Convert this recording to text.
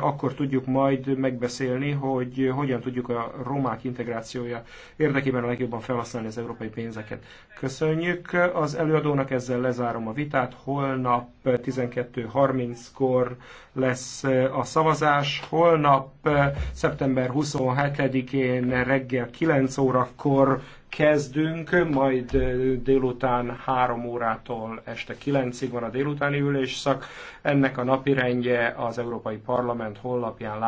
akkor tudjuk majd megbeszélni, hogy hogyan tudjuk a romák integrációja érdekében a legjobban felhasználni az európai pénzeket. Köszönjük az előadónak, ezzel lezárom a vitát. Holnap 12.30-kor lesz a szavazás. Holnap eh, szeptember 27-én reggel 9 órakor kezdünk, majd délután 3 órától este 9-ig van a délutáni ülésszak. Ennek a napirendje az Európai Parlament honlapján